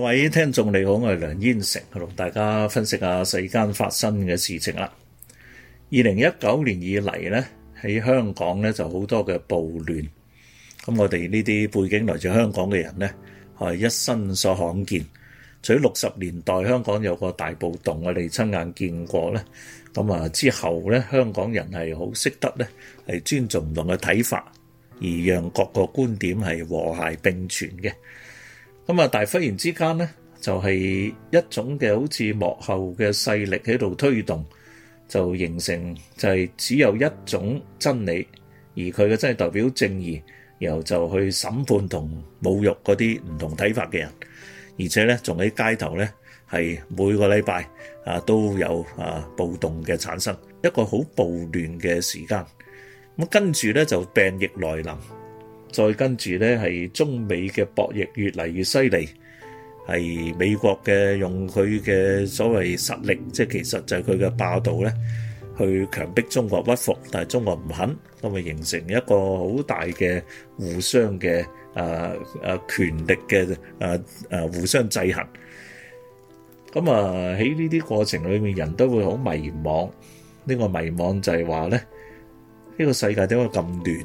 各位聽眾，你好，我係梁燕城，同大家分析下世間發生嘅事情啦。二零一九年以嚟咧，喺香港咧就好多嘅暴亂。咁我哋呢啲背景來自香港嘅人咧，係一生所罕見。除咗六十年代香港有個大暴動，我哋親眼見過咧。咁啊之後咧，香港人係好識得咧，係尊重唔同嘅睇法，而讓各個觀點係和諧並存嘅。咁啊！但係忽然之間咧，就係一種嘅好似幕後嘅勢力喺度推動，就形成就係只有一種真理，而佢嘅真係代表正義，然後就去審判同侮辱嗰啲唔同睇法嘅人，而且咧仲喺街頭咧係每個禮拜啊都有啊暴動嘅產生，一個好暴亂嘅時間。咁跟住咧就病疫來臨。再跟住咧，係中美嘅博弈越嚟越犀利，係美國嘅用佢嘅所謂實力，即係其實就係佢嘅霸道咧，去強迫中國屈服，但係中國唔肯，咁咪形成一個好大嘅互相嘅誒誒權力嘅誒誒互相制衡。咁啊喺呢啲過程裏面，人都會好迷惘。呢個迷惘就係話咧，呢個世界點解咁亂？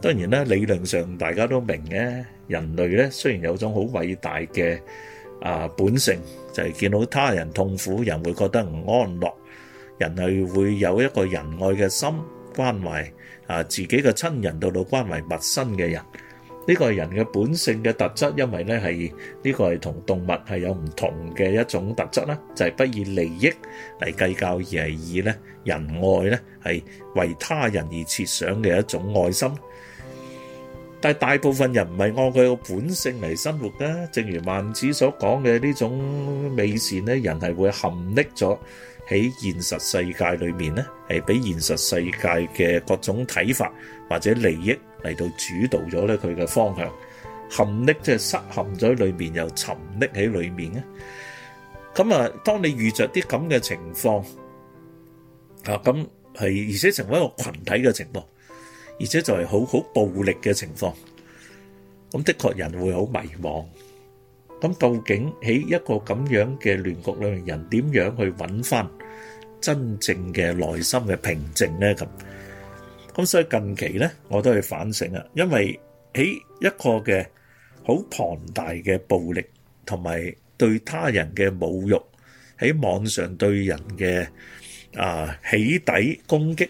當然咧，理論上大家都明嘅。人類咧，雖然有種好偉大嘅啊本性，就係見到他人痛苦，人會覺得唔安樂，人類會有一個仁愛嘅心關懷啊，自己嘅親人到到關懷陌生嘅人。呢個係人嘅本性嘅特質，因為咧係呢個係同動物係有唔同嘅一種特質啦，就係不以利益嚟計較，而係以咧仁愛咧係為他人而設想嘅一種愛心。但係大部分人唔係按佢個本性嚟生活㗎，正如孟子所講嘅呢種美善咧，人係會陷溺咗。喺現實世界裏面咧，係俾現實世界嘅各種睇法或者利益嚟到主導咗咧佢嘅方向，陷溺即係失陷咗裏面，又沉溺喺裏面咧。咁啊，當你遇着啲咁嘅情況啊，咁係而且成為一個群體嘅情況，而且就係好好暴力嘅情況，咁的確人會好迷惘。咁究竟喺一個咁樣嘅亂局裏面，人點樣去揾返真正嘅內心嘅平靜呢？咁咁所以近期呢，我都係反省啊，因為喺一個嘅好龐大嘅暴力同埋對他人嘅侮辱，喺網上對人嘅啊起底攻擊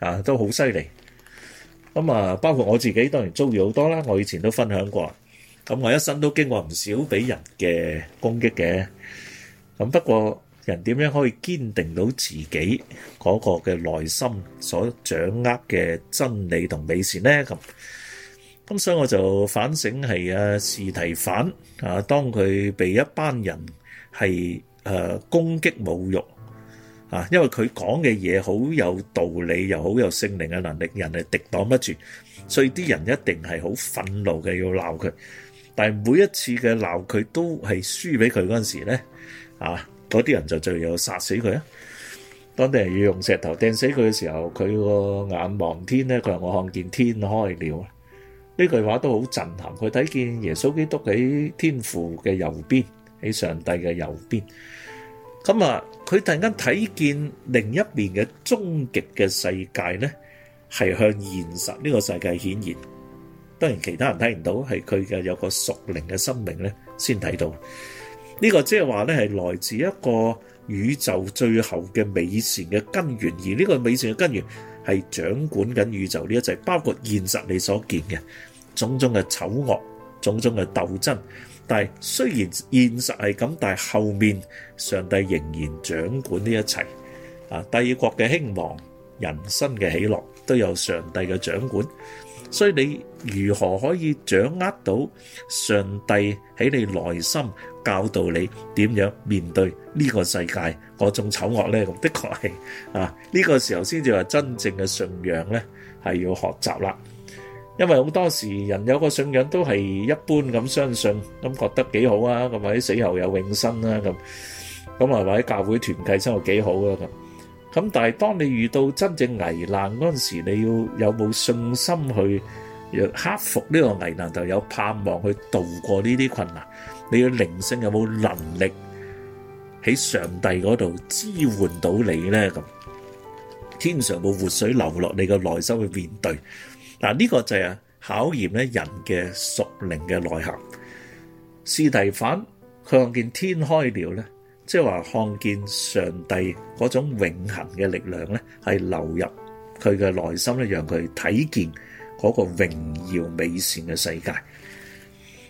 啊都好犀利。咁啊，包括我自己當然遭遇好多啦，我以前都分享過。咁我一生都經過唔少俾人嘅攻擊嘅，咁不過人點樣可以堅定到自己嗰個嘅內心所掌握嘅真理同美善呢？咁咁所以我就反省係啊，司提反啊，當佢被一班人係誒攻擊侮辱啊，因為佢講嘅嘢好有道理，又好有聖靈嘅能力，人係敵擋不住，所以啲人一定係好憤怒嘅要鬧佢。但係每一次嘅鬧佢都係輸俾佢嗰陣時咧，啊嗰啲人就最要殺死佢啊！當地人要用石頭掟死佢嘅時候，佢個眼望天咧，佢話我看見天開了。呢句話都好震撼。佢睇見耶穌基督喺天父嘅右邊，喺上帝嘅右邊。咁啊，佢突然間睇見另一面嘅終極嘅世界咧，係向現實呢個世界顯現。當然其他人睇唔到，係佢嘅有個屬靈嘅生命咧，先睇到呢、這個，即係話咧係來自一個宇宙最後嘅美善嘅根源，而呢個美善嘅根源係掌管緊宇宙呢一切，包括現實你所見嘅種種嘅醜惡、種種嘅鬥爭。但係雖然現實係咁，但係後面上帝仍然掌管呢一切。啊，帝國嘅興亡、人生嘅喜樂，都有上帝嘅掌管。所以你如何可以掌握到上帝喺你內心教導你點樣面對呢個世界嗰種醜惡咧？咁的確係啊，呢個時候先至話真正嘅信仰咧，係要學習啦。因為好多時人有個信仰都係一般咁相信，咁覺得幾好啊，咁或者死後有永生啦，咁咁啊或者教會團契真係幾好啊咁。咁但係，當你遇到真正危難嗰陣時，你要有冇信心去克服呢個危難，就有盼望去度過呢啲困難？你嘅靈性有冇能力喺上帝嗰度支援到你咧？咁天上冇活水流落你嘅內心去面對嗱，呢個就係考驗咧人嘅屬靈嘅內涵。司提反，看見天開了咧。即係話看見上帝嗰種永恆嘅力量咧，係流入佢嘅內心咧，讓佢睇見嗰個榮耀美善嘅世界。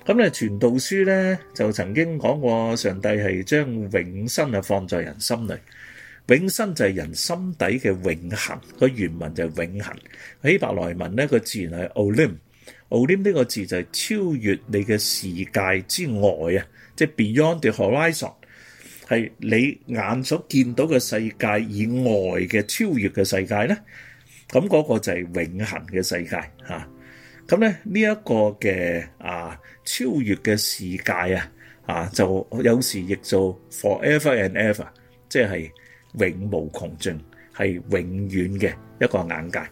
咁、嗯、咧，傳道書咧就曾經講過，上帝係將永生啊放在人心裏，永生就係人心底嘅永恆。」個原文就係永恆。希伯來文咧，個字係 Olim, Olim 呢個字就係超越你嘅世界之外啊，即、就、係、是、Beyond the Horizon。係你眼所見到嘅世界以外嘅超越嘅世界咧，咁嗰個就係永恒嘅世界吓。咁咧，呢一個嘅啊超越嘅世界啊啊就有時譯做 forever and ever，即係永無窮盡，係永遠嘅一個眼界。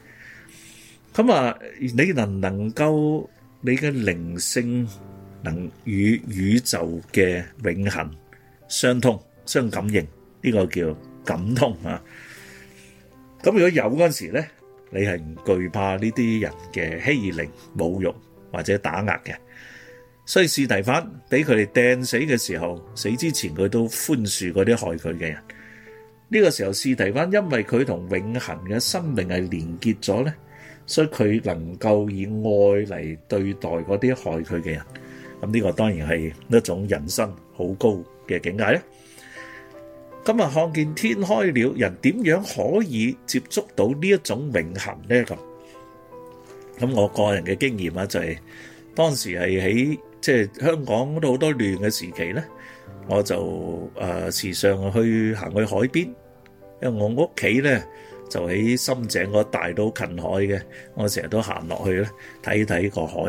咁啊，你能能夠你嘅靈性能與宇宙嘅永恒相通，相感應呢個叫感通啊。咁如果有嗰陣時咧，你係唔懼怕呢啲人嘅欺凌、侮辱或者打壓嘅。所以，士提反俾佢哋掟死嘅時候，死之前佢都寬恕嗰啲害佢嘅人。呢個時候，士提反因為佢同永恆嘅生命係連結咗咧，所以佢能夠以愛嚟對待嗰啲害佢嘅人。咁呢個當然係一種人生好高嘅境界咧。今日看見天開了，人點樣可以接觸到呢一種永恆咧？咁咁，我個人嘅經驗啊，就係當時係喺即係香港嗰度好多亂嘅時期咧，我就誒時常去行去海邊，因為我屋企咧就喺深井個大島近海嘅，我成日都行落去咧，睇睇個海，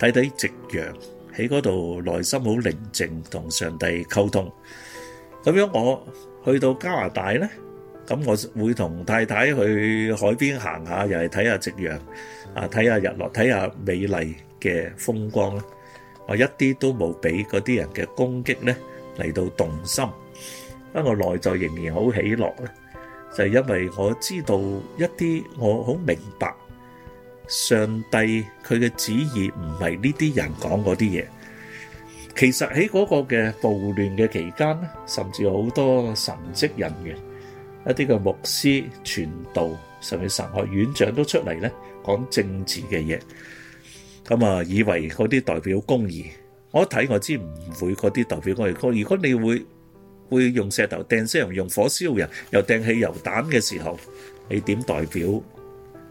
睇睇夕陽，喺嗰度內心好寧靜，同上帝溝通。咁樣我去到加拿大呢，咁我會同太太去海邊行下，又係睇下夕陽，啊睇下日落，睇下美麗嘅風光，我一啲都冇俾嗰啲人嘅攻擊呢嚟到動心，不過我內在仍然好喜樂就就係，因為我知道一啲我好明白上帝佢嘅旨意唔係呢啲人講嗰啲嘢。其實喺嗰個嘅暴亂嘅期間咧，甚至好多神職人員、一啲嘅牧師傳道，甚至神學院長都出嚟咧講政治嘅嘢。咁啊，以為嗰啲代表公義，我一睇我知唔會嗰啲代表公義。哥，如果你會會用石頭掟人，用火燒人，又掟汽油彈嘅時候，你點代表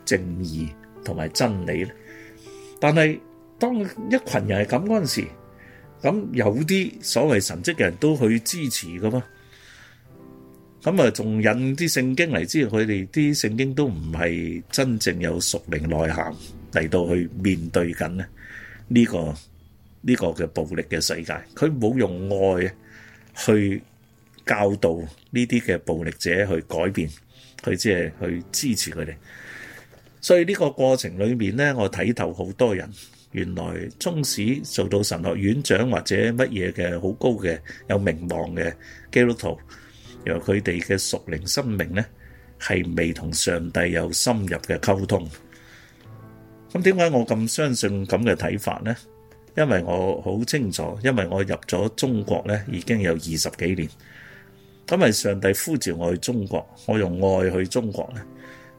正義同埋真理咧？但係當一羣人係咁嗰陣時。咁有啲所謂神職嘅人都去支持㗎嘛？咁啊，仲引啲聖經嚟之，佢哋啲聖經都唔係真正有屬靈內涵嚟到去面對緊咧。呢個呢個嘅暴力嘅世界，佢冇用愛去教導呢啲嘅暴力者去改變，佢只係去支持佢哋。所以呢個過程裏面咧，我睇透好多人。原來縱使，做到神學院長或者乜嘢嘅好高嘅有名望嘅基督徒，由佢哋嘅屬靈生命咧，係未同上帝有深入嘅溝通。咁點解我咁相信咁嘅睇法咧？因為我好清楚，因為我入咗中國咧已經有二十幾年。咁係上帝呼召我去中國，我用愛去中國咧。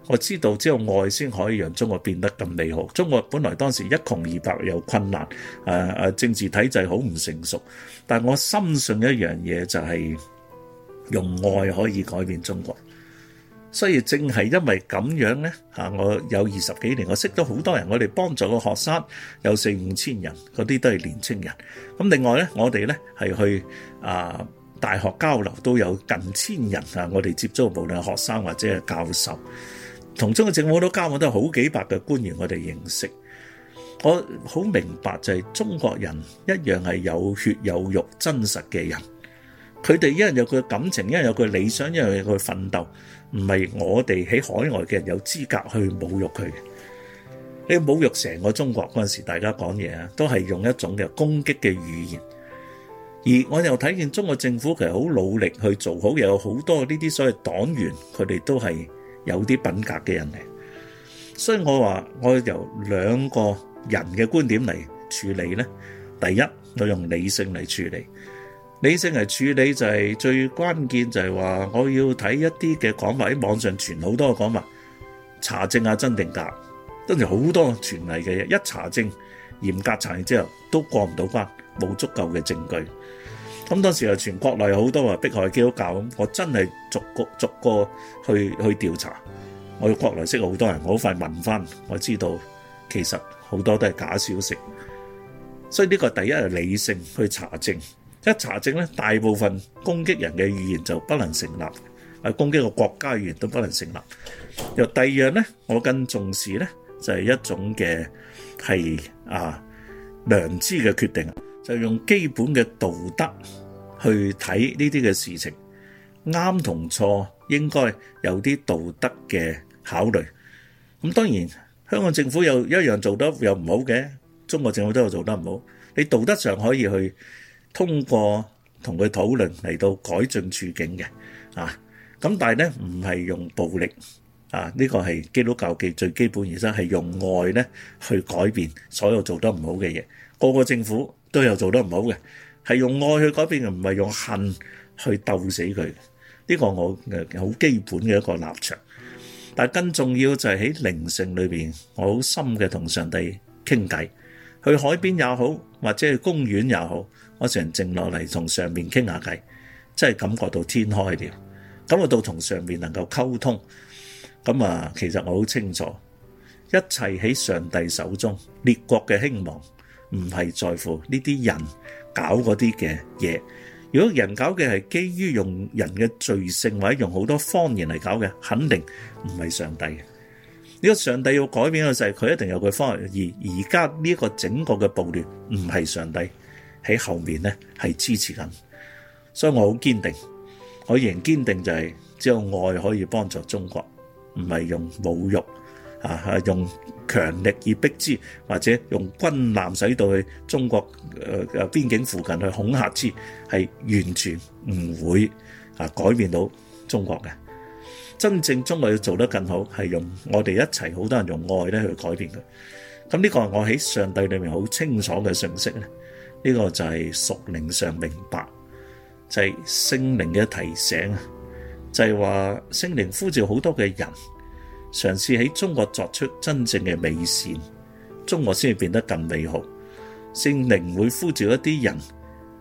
我知道只有愛先可以讓中國變得咁美好。中國本來當時一窮二白又困難，誒誒政治體制好唔成熟。但係我深信一樣嘢，就係用愛可以改變中國。所以正係因為咁樣呢吓，我有二十幾年，我識到好多人。我哋幫助嘅學生有四五千人，嗰啲都係年輕人。咁另外呢，我哋呢係去啊大學交流都有近千人啊。我哋接觸，無論學生或者係教授。同中國政府都交往得好幾百嘅官員，我哋認識，我好明白就係中國人一樣係有血有肉真實嘅人，佢哋一樣有佢嘅感情，一樣有佢嘅理想，一樣有佢嘅奮鬥，唔係我哋喺海外嘅人有資格去侮辱佢。你侮辱成個中國嗰陣時，大家講嘢啊，都係用一種嘅攻擊嘅語言。而我又睇見中國政府其實好努力去做好，又有好多呢啲所謂黨員，佢哋都係，有啲品格嘅人嚟，所以我話我由兩個人嘅觀點嚟處理呢，第一，我用理性嚟處理，理性嚟處理就係、是、最關鍵就係話，我要睇一啲嘅講法喺網上傳好多講法，查證啊真定假，跟住好多傳嚟嘅嘢，一查證嚴格查完之後都過唔到關，冇足夠嘅證據。咁當時啊，全國內有好多啊迫害基督教咁，我真係逐個逐個去去調查。我國內識好多人，我好快問翻，我知道其實好多都係假消息。所以呢個第一係理性去查證，一查證咧，大部分攻擊人嘅語言就不能成立，啊攻擊個國家語言都不能成立。又第二樣咧，我更重視咧就係一種嘅係啊良知嘅決定。就用基本嘅道德去睇呢啲嘅事情，啱同錯應該有啲道德嘅考慮。咁當然香港政府有一樣做得又唔好嘅，中國政府都有做得唔好。你道德上可以去通過同佢討論嚟到改進處境嘅啊。咁但係咧，唔係用暴力啊，呢個係基督教嘅最基本原則，係用愛咧去改變所有做得唔好嘅嘢。個個政府。都有做得唔好嘅，係用愛去改變，唔係用恨去鬥死佢。呢個我誒好基本嘅一個立場。但係更重要就係喺靈性裏邊，我好深嘅同上帝傾偈。去海邊也好，或者去公園也好，我成日靜落嚟同上面傾下偈，真係感覺到天開了，感覺到同上面能夠溝通。咁啊，其實我好清楚，一切喺上帝手中，列國嘅希望。唔係在乎呢啲人搞嗰啲嘅嘢。如果人搞嘅係基於用人嘅罪性或者用好多方言嚟搞嘅，肯定唔係上帝嘅。如、這個、上帝要改變嘅就係佢一定有佢方案。而而家呢個整個嘅暴亂唔係上帝喺後面呢係支持緊，所以我好堅定。我仍堅定就係、是、只有愛可以幫助中國，唔係用侮辱。啊啊！用強力而逼之，或者用軍艦使到去中國誒邊境附近去恐嚇之，係完全唔會啊改變到中國嘅。真正中國要做得更好，係用我哋一齊好多人用愛咧去改變佢。咁呢個係我喺上帝裏面好清楚嘅信息咧，呢個就係屬靈上明白，就係聖靈嘅提醒啊，就係話聖靈呼召好多嘅人。嘗試喺中國作出真正嘅美善，中國先至變得更美好。聖靈會呼召一啲人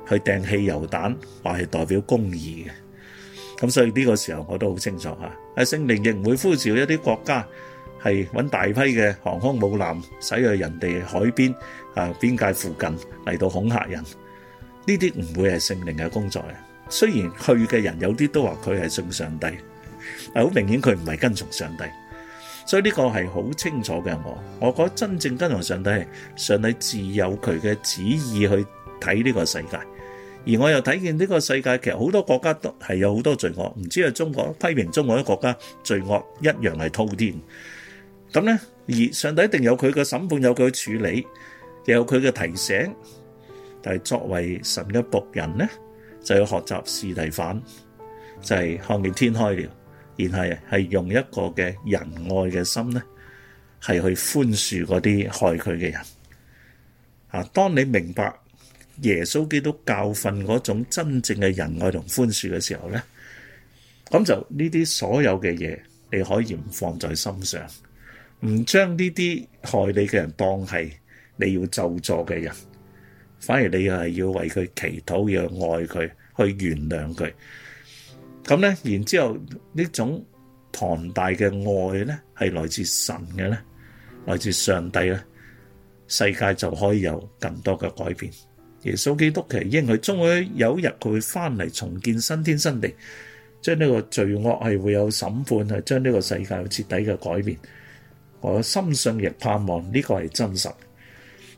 去掟汽油彈，話係代表公義嘅。咁所以呢個時候我都好清楚嚇啊，聖靈亦唔會呼召一啲國家係揾大批嘅航空母艦，使去人哋海邊啊邊界附近嚟到恐嚇人。呢啲唔會係聖靈嘅工作啊。雖然去嘅人有啲都話佢係信上帝，但係好明顯佢唔係跟從上帝。所以呢個係好清楚嘅，我我覺得真正跟從上帝係上帝自有佢嘅旨意去睇呢個世界，而我又睇見呢個世界其實好多國家都係有好多罪惡，唔止，係中國批評中國嘅國家罪惡一樣係滔天。咁咧，而上帝一定有佢嘅審判，有佢嘅處理，有佢嘅提醒。但係作為神嘅僕人咧，就要學習司提反，就係看見天開了。然係係用一個嘅仁愛嘅心咧，係去寬恕嗰啲害佢嘅人。啊，當你明白耶穌基督教訓嗰種真正嘅仁愛同寬恕嘅時候咧，咁就呢啲所有嘅嘢，你可以唔放在心上，唔將呢啲害你嘅人當係你要咒詛嘅人，反而你係要為佢祈禱，要愛佢，去原諒佢。咁咧，然之後呢種龐大嘅愛咧，係來自神嘅咧，來自上帝咧，世界就可以有更多嘅改變。耶穌基督其實應許，終會有一日佢會翻嚟重建新天新地，將呢個罪惡係會有審判，係將呢個世界徹底嘅改變。我深信亦盼望呢個係真實，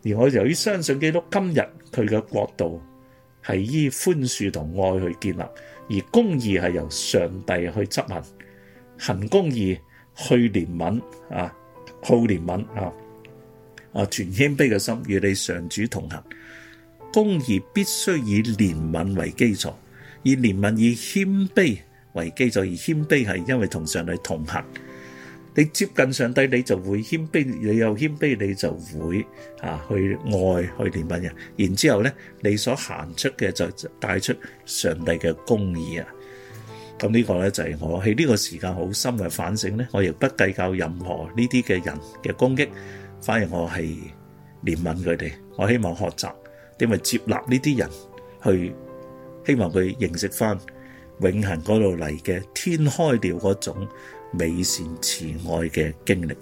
而我由於相信基督，今日佢嘅國度。係依寬恕同愛去建立，而公義係由上帝去執行。行公義，去憐憫啊，好憐憫啊，啊，存謙卑嘅心，與你上主同行。公義必須以憐憫為基礎，以憐憫以謙卑為基礎，而謙卑係因為同上帝同行。你接近上帝，你就會謙卑；你又謙卑，你就會啊去愛去憐憫人。然之後咧，你所行出嘅就帶出上帝嘅公義啊！咁呢個咧就係我喺呢個時間好深入反省好深嘅反省咧，我亦不計較任何呢啲嘅人嘅攻擊，反而我係憐憫佢哋。我希望學習點為接納呢啲人，去希望佢認識翻永恆嗰度嚟嘅天開掉嗰種。美善慈愛嘅經歷。